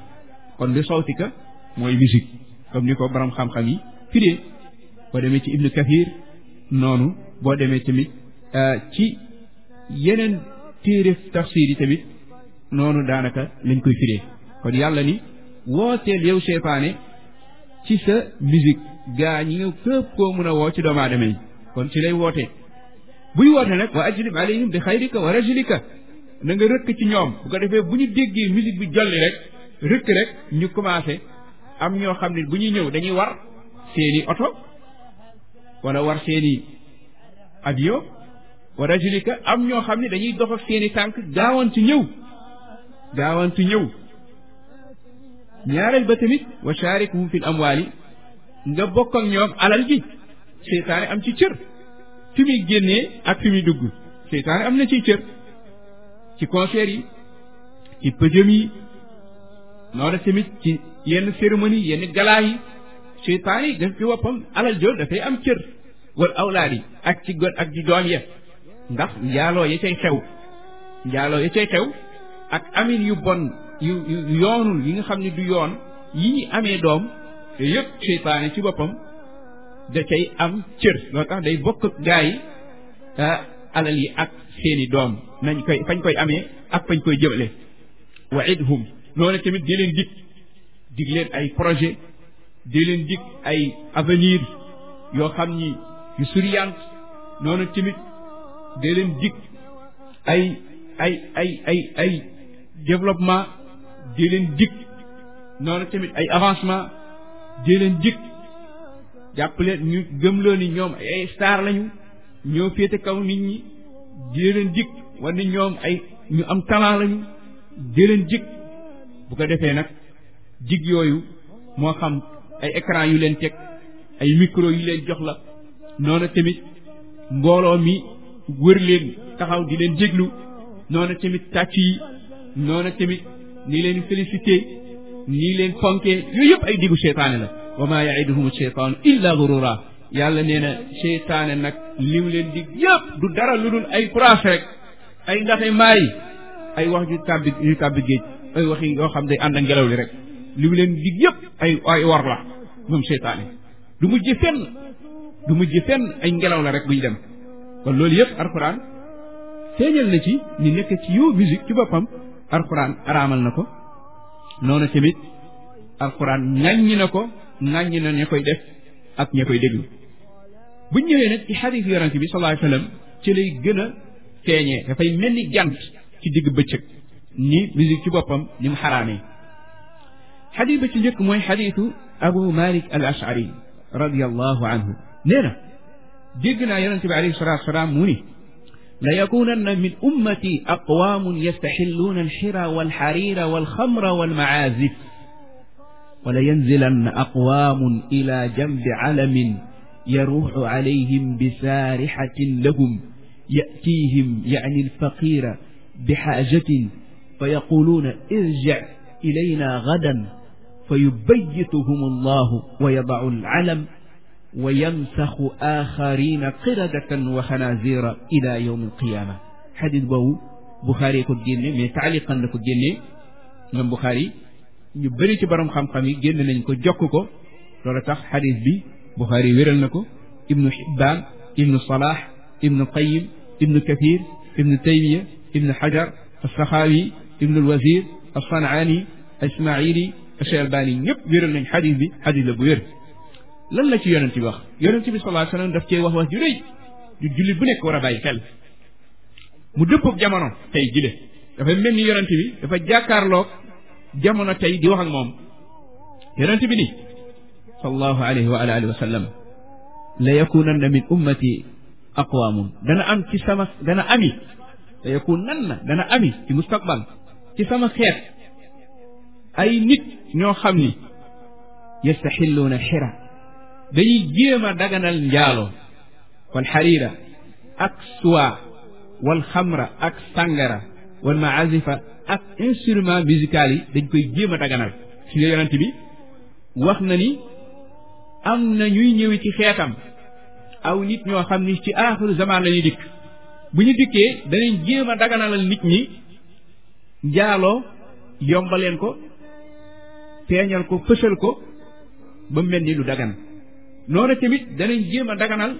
A: kon bi sawtika mooy musique comme ni ko borom xam-xam yi firee boo demee ci ibnu kathir noonu boo demee tamit euh, ci yeneen téere tafsir yi tamit noonu daanaka lañ koy firee kon yàlla ni wooteel yow seepaane ci sa musique gaa ñi nga képp koo mën a woo ci doomu demee yi kon ci lay wootee buy woote nag wa ajlib alayhim bi xayrika wa rajlika na nga rëkk ci ñoom bu ko defee bu ñu déggee musique bi jolli rek rëkk rek ñu commencé am ñoo xam ne bu ñuy ñëw dañuy war seeni oto wala war seeni avion wala julika am ñoo xam ne dañuy dox seeni tànk gaawantu ñëw ñëw ñaareel ba tamit wa shaarikhum fil amwaali nga bokk ak ñoom alal ji seytaane am ci cër fi muy génnee ak fi dugg seytaane am na ci cër ci concert yi ci pëjëm yi noonu tamit ci yenn cérémonie yenn galaa yi seytaan yi def ci woppam alal jooju dafay am cër wal awlaad ak ci gon ak ci doom ya ndax njaaloo ya cay xew njaaloo ya cay xew ak amin yu bon yu yoonul yi nga xam ne du yoon yi ñu amee doom te yëpp seytaane ci boppam da cay am cër loo tax day bokk ak gaa yi ah, alal yi ak seeni doom nañ koy fañ koy amee ak fañ koy jëmale wa idhum loolu tamit di leen dik dig ay projet di leen dig ay avenir yoo xam ni yu souriant noonu tamit di leen dig ay ay ay ay ay développement di leen dig noonu tamit ay avancement di leen dig jàpp leen ñu gëmloo ni ñoom ay star lañu ñoo féete kaw nit ñi di leen dig war ni ñoom ay ñu am talent lañu di leen dig bu ko defee nag jig yooyu moo xam ay écran yu leen teg ay micro yu leen jox la noonu tamit mbooloo mi wër leen taxaw di leen déglu noonu tamit tàcc yi noonu tamit nii leen félicité nii leen fonkee yooyu yëpp ay diggu seytaane la wa maa yaiduhum seytaanu illa gurura yàlla nee na seytaane nag lim leen dig yëpp du dara lu dul ay phrase rek ay ndaxte maay ay wax ju tàbbi yu tàbbi géej ay wax yi yoo xam day ànd a ngelaw li rek li mu leen dig ay ay la moom seytaane du mujj fenn du mujj fenn ay ngelaw la rek buñ dem kon loolu yëpp alxuraan feeñal na ci ni nekk ci yow musique ci boppam alxuraan araamal na ko noonu tamit alxuraan ŋàññi na ko ŋàññi na ña koy def ak ña koy déglu buñ ñëwee nag ci xadiis yonent bi sallallahu alayhi ci lay gën a feeñee dafay mel ni jant ci digg bëccëg ni musique ci boppam ni mu xaraamee xadis ba ci njëkk mooy xadisu abu malik al ashari radiallahu anhu nee na dégg naa yonente bi alayhi salatu wasalaam mu ni la yakunanna min ummati aqwaamun yastaxilluuna alxira walxariira walxamra walmacaazif wala yanzilanna aqwaamun ila jambi calamin yaruuxu calayhim bisaarixatin lahum yatiihim yani alfaqiira bixaajatin fa yaquluuna irjic ilayna gadan fa yubayituhum allahu wa yadaau alalam wa yamsaxu axarina qiradatan wa xanazira ila yowm alqiyama xadis boobu Buxaari ko génne mais taaliqan la ko génne moom Buxaari ñu bëri ci borom xam-xam yi génn nañ ko jokk ko loolu tax xadis bi Buxaari wéral na ko ibnu Xibbaan ibnu Salaah ibnu Qayim ibnu Kathir ibnu Taymiya ibnu Xajar alsaxaawi ibnu alwazir alsanaani ismaili Cheikh Albani ñëpp wéral nañ xadis bi xadis la bu wér lan la ci yonent bi wax yonent bi sallallahu alayhi wasallam daf cee wax wax ju rëy ju jullit bu nekk war a bàyyi xel mu dëppoog jamono tey jile dafay mel ni yonent bi dafa jàkkaarloog jamono tey di wax ak moom yonent bi ni sallallahu alayhi wa ala alihi wa sallam la yakunanna min ummati aqwamun dana sama dana ami la yakunanna dana ami ci mustaqbal ci sama xeet ay nit ñoo xam ni yastaxilluuna xira dañuy jéem daganal njaaloo wal ak suwa wal ak sàngara wal maazifa ak instrument musical yi dañ koy jéem a daganal si nga yonent bi wax na ni am na ñuy ñëwi ci xeetam aw nit ñoo xam ni ci aaxiru zamaan lañuy ñuy dikk bu ñu dikkee danañ jéem a daganalal nit ñi njaaloo yombaleen ko feeñal ko fësal ko ba mel ni lu dagan noonu tamit danañ jéem a daganal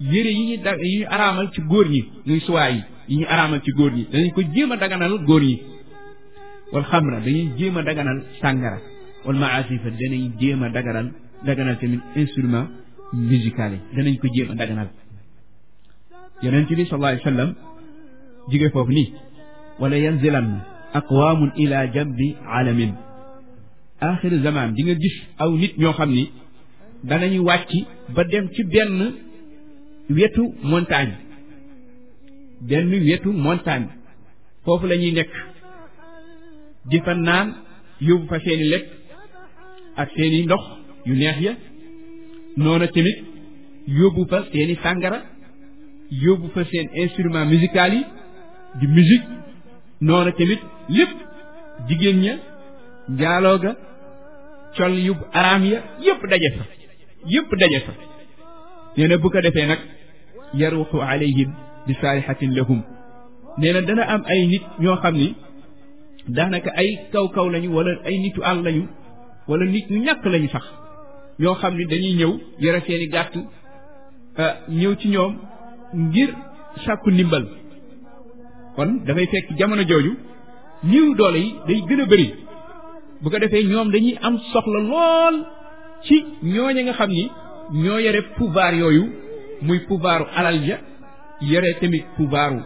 A: yére yi ñuy da yi ñu araamal ci góor ñi muy suwaa yi ñu araamal ci góor ñi danañ ko jéem a daganal góor ñi wal xamra dañuy jéem a daganal sàngara wal maasifa danañ jéem a daganal daganal tamit instrument musical yi danañ ko jéem a daganal yonent bi sallallahu alayhi wa sallam jige foofu nii wala yanzilan aqwamun ila jambi alamin aaxiri zamaan di nga gis aw nit ñoo xam ni danañu wàcc ba dem ci benn wetu montagne benn wetu montagne foofu lañuy nekk di fa naan yóbbu fa seeni lekk ak seeni ndox yu neex ya noona tamit yóbbu fa seeni sàngara yóbbu fa seen instrument musical yi di musique noona tamit lépp jigéen ña njaaloo ga col yu araam ya yëpp daje fa yëpp daje fa nee na bu ko defee nag yaruxu alayhim bi saalihatin lahum nee na dana am ay nit ñoo xam ni daanaka ay kaw kaw lañu wala ay nitu àll lañu wala nit ñu ñàkk lañu sax ñoo xam ni dañuy ñëw yore seeni gàtt euh, ñëw ci ñoom ngir sàkku ndimbal kon dafay fekk jamono jooju niiw doole yi day gën a bëri bu ko defee ñoom dañuy am soxla lool ci ñooña nga xam ni ñoo yore pouvoir yooyu muy pouvoiru alal ja yore tamit pouvoiru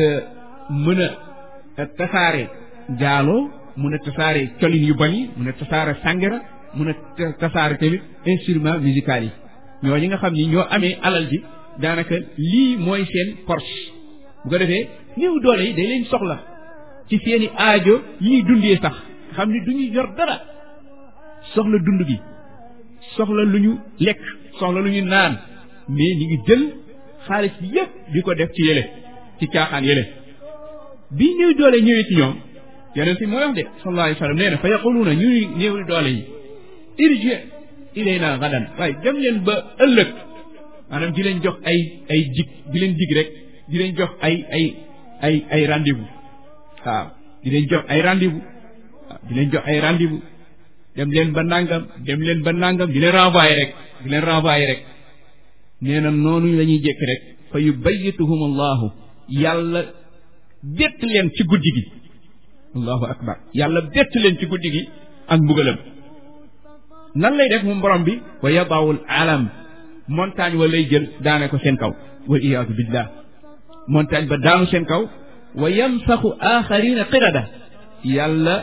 A: euh, euh, mën a tasaare jaaloo mën a tasaare colin yu bon yi mën a tasaare sàngara mën a tasaare tamit instrument musical yi nga xam ni ñoo amee alal bi daanaka lii mooy seen force bu ko defee néew doole yi day leen soxla ci seeni aajo yi ñuy dundee sax xam ni du ñu yor dara soxla dund gi soxla lu ñu lekk soxla lu ñu naan mais ñu ngi jël xaalis bi di ko def ci yële ci caaxaan yële bi néew doole ñëwee ci ñoom yonent mooy wax de sallallahu alayhi wa sallam nee na fa yaquluuna ñuy néew doole yi irji ilayna gadan waaye dem leen ba ëllëg maanaam di leen jox ay ay jig di leen jig rek di leen jox ay ay ay ay rendez-vous waaw di leen jox ay rendez-vous di leen jox ay rendez-vous dem leen ba nàngam dem leen ba nàngam di leen renvoyer rek di leen renvoyer rek nee noonu la ñuy jékki rek fa yubayyituhum allahu yàlla bett leen ci guddi gi allahu akbar yàlla bett leen ci guddi gi ak mbugalam nan lay def moom borom bi wa yadaawul alam montagne wa lay jël daane ko seen kaw wa iyaadu billah montagne ba daanu seen kaw wa yamsaxu axarina qirada yàlla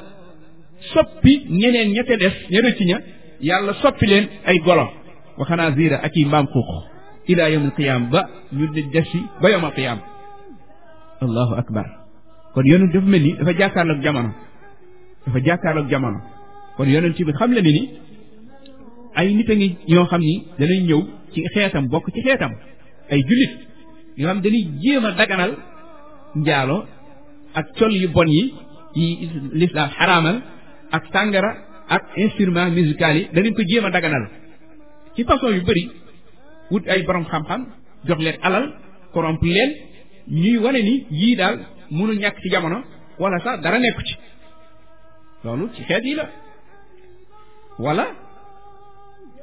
A: soppi ñeneen ña ca des ña rëcc ña yàlla soppi ay golo wa xanaasiira ak i mbaam xuux ila yawmil qiyaam ba ñu def si ba yawmal qiyaam allahu akbar kon yonent dafa mel ni dafa jàkkaarloog jamono dafa jàkkaarloog jamono kon ci bi xam la ne ni ay nit a ngi ñoo xam ni danañ ñëw ci xeetam bokk ci xeetam ay jullit yoo xam dañuy jéem a daganal njaalo ak col yu bon yi yi lislaam xaraamal ak tàngara ak instrument musical yi danañ ko jéem a daganal ci façon yu bari wut ay borom xam-xam jox leen alal koromp leen ñuy wane ni yii daal mënul ñàkk ci jamono wala sax dara nekku ci loolu ci xeet yi la wala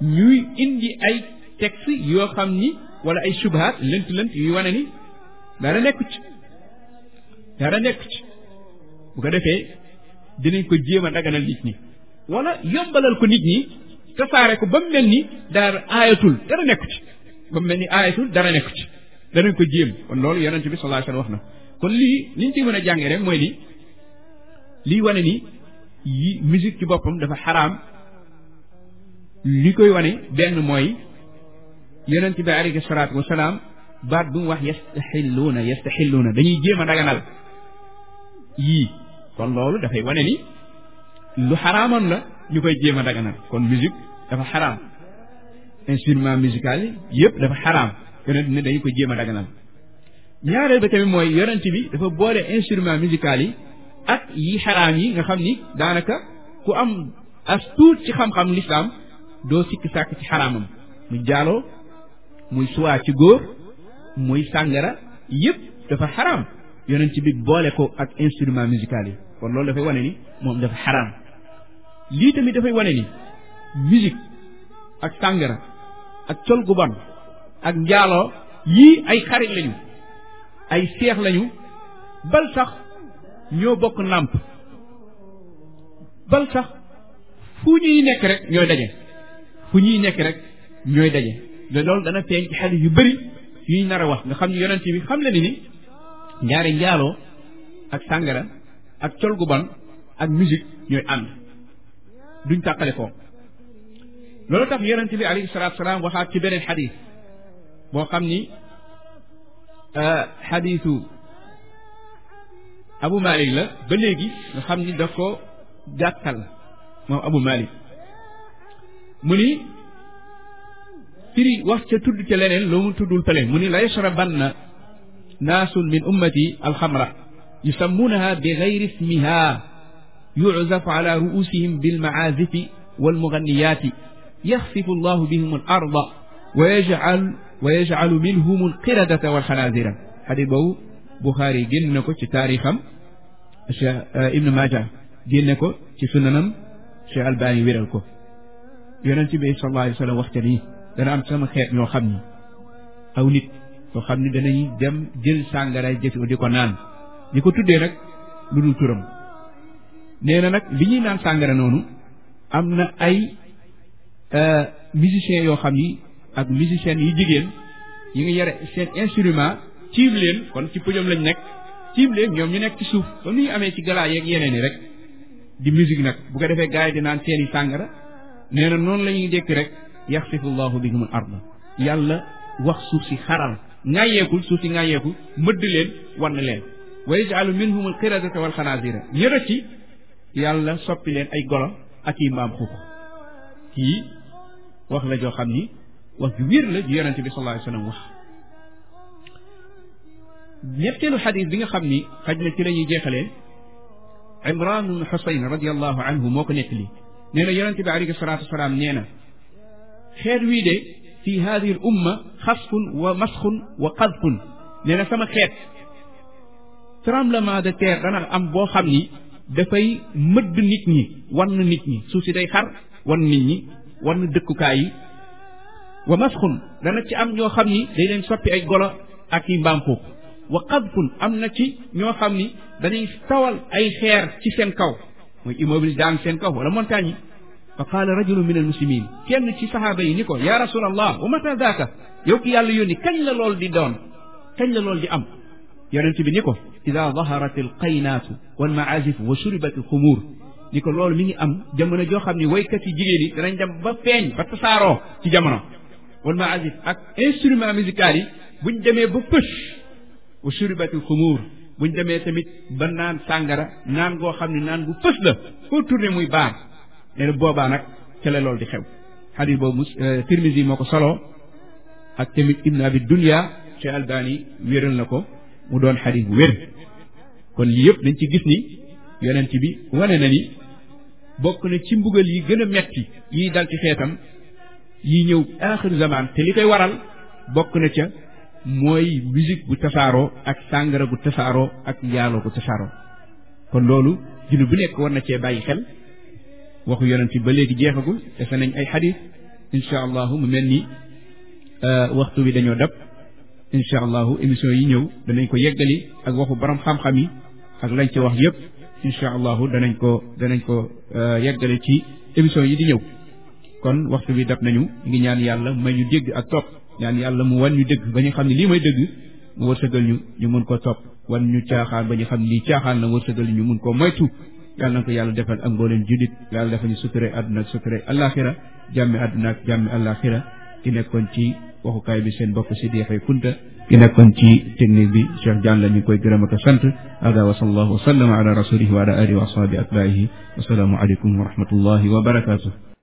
A: ñuy indi ay texte yoo xam ni wala ay subhaat lënt lënt yuy wane ni dara nekku ci dara nekku ci bu ko defee dinañ ko jéem a daganal nit ñi wala yombalal ko nit ñi tasaare ko ba mu mel ni dara aayatul dara nekku ci ba mu mel ni aayatul dara nekku ci danañ ko jéem kon loolu yonent bi wa wax na kon lii liñ ci mën a jàngee rek mooy ni lii wane nii yi musique ci boppam dafa xaraam li koy wane benn mooy yonent bi alayhi salaatu wasalaam baat bu mu wax yastaxilluuna yastaxilluuna dañuy jéem a daganal yii kon loolu dafay wane ni lu xaraamoon la ñu koy jéem a daganal kon musique dafa xaraam instrument musical yi yëpp dafa xaraam yonent ne dañu ko jéem a daganal ñaareel ba tamit mooy yonent bi dafa boole instrument musical yi ak yi xaraam yi nga xam ni daanaka ku am as ci xam-xam lislaam doo sikk sàkk ci xaraamam muy jaaloo muy suwaa ci góor muy sàngara yëpp dafa xaraam yonent bi boole ko ak instrument musical yi kon loolu dafay wane ni moom dafa xaraam lii tamit dafay wane ni musique ak tàngara ak col gu ak njaaloo yii ay xarit lañu ay seex lañu bal sax ñoo bokk nàmp bal sax fu ñuy nekk rek ñooy daje fu ñuy nekk rek ñooy daje loolu dana feeñ ci xadis yu bëri yuñ nar a wax nga xam ni yonent bi xam le ni ni ñaari njaaloo ak sàngara ak col ak musique ñooy ànd duñ tàqale ko loolu tax yonent bi waxaat ci beneen xadis boo xam ni euh, xadisu abu malik la ba léegi nga xam ni daf ko gàttal moom abu malik mu ni firi wax ca tudd ca leneen loo mu tuddul tale mu ni la yashrabanna naasun min ummati alxamra yusammuunaha bi gayri ismiha yuzafu ala ruusihim bilmaazifi walmuganniyaati yaxsifu llahu bihim al arda wa yajal wa yajcalu minhum alqiradata walxanaazira xadis boobu Buxaari génn na ko ci taarixam Cheikh eh, Ibn Maaja génne ko ci sunanam Cheikh Albani wéral ko yonent bi sallallahu alayhi wa sallam wax ca nii dana am sama xeet ñoo xam ni aw nit soo xam ni ñuy dem jël sàngara jëf di ko naan ñi ko tuddee nag lu dul turam nee na nag bi ñuy naan sàngara noonu am na ay euh, musiciens yoo xam ni ak musiciens yi jigéen yi nga yore seen instrument ciib leen kon ci pëjam lañu nekk ciib leen ñoom ñu nekk ci suuf comme ni ñu amee ci galaa yeeg yeneen yi rek di musique nag bu ko defee gars yi di naan seeni sàngara nee na noonu la ñuy dékk rek yaxsifu llahu bihim al arda yàlla wax suuf si xaral ŋàyyeeku suuf si ŋàyyeeku mëdd leen wann leen wa yaj'alu minhum alqiradata wal xanaazira ñëra ci yàlla soppi leen ay golo ak i mbaam xuux wax la joo xam ni wax ju wér la ju yonente bi sallallahu alayhi wasallam wax ñetteelu bi nga xam ni xaj na ci la ñuy jeexalee imran ibn xusayn radiallahu anhu moo ko nekk li nee na yonente bi alayhi salaatu wasalaam nee wii de fi hadihi al umma xasfun wa masxun wa qadfun nee na sama xeet tremblement de terre dana am boo xam ni dafay mëdd nit ñi wann nit ñi suuf si day xar wan nit ñi wann dëkkukaay yi wa masxun dana ci am ñoo xam ni day leen soppi ay golo ak yi mbaam foofu wa qadfun am na ci ñoo xam ni dañuy tawal ay xeer ci seen kaw mooy immobile daan seen kaw wala montagne yi fa qaala rajulun min al muslimin kenn ci saxaaba yi ni ko yaa rasulallah wa mata daaka yow ki yàlla yónni kañ la lool di doon kañ la lool di am yonent bi ni ko ida daharat al qaynaatu wal maazif wa shuribat al xumuur ni ko loolu mi ngi am jamono joo xam ne waykat yi jigéen yi danañ dem ba feeñ ba tasaaroo ci jamono wal maazif ak instrument musical yi buñ demee ba pëch wa shuribat al xumuur buñ demee tamit ban naan sangara naan goo xam ne naan ku fës la foo tourné muy baar nee boobaa nag ca la loolu di xew xadis boobu euh, Tirmisi moo ko solo ak tamit Ibn Abi Dunya Cheikh Albani wéral na ko mu doon xadis bu wér kon lii yëpp dañ ci gis ni yonent bi wane na ni bokk na ci mbugal yi gën a metti yi dal ci xeetam yi ñëw aaxir zamaan te li koy waral bokk na ca mooy musique bu tasaaroo ak sàngara bu tasaaro ak njaaloo bu tasaaroo kon loolu junne bu nekk war na cee bàyyi xel waxu yonent fi ba léegi jeexagul defe nañ ay xadis incha allahu mu mel ni euh, waxtu bi dañoo dab incha allahu émission yi ñëw danañ ko yeggali ak waxu borom xam-xam yi ak lañ ci wax yëpp incha allahu danañ ko danañ ko euh, yeggale ci émission yi di ñëw kon waxtu bi dab nañu ngi ñaan yàlla may ñu dégg ak topp ñaan yàlla mu wan ñu dëgg ba ñu xam ne lii may dëgg mu wërsëgal ñu ñu mën koo topp wan ñu caaxaan ba ñu xam ne lii caaxaan la wërsëgal ñu mun koo moytu yàlla na ko yàlla defal ak mbooleem jullit yàlla defal ñu suture àdduna ak suture àllaaxira jàmmi àdduna ak jàmmi àllaaxira ki nekkoon ci waxukaay bi seen bokk si Diakhé Kunta ki nekkoon ci technique bi Cheikh Diagne la ñu koy gërëm ak a sant ada wa sallallahu wa sallama ala rasulihi wa ala alihi wa ashabi atbaihi wasalaamu aleykum wa rahmatullahi wa barakatuh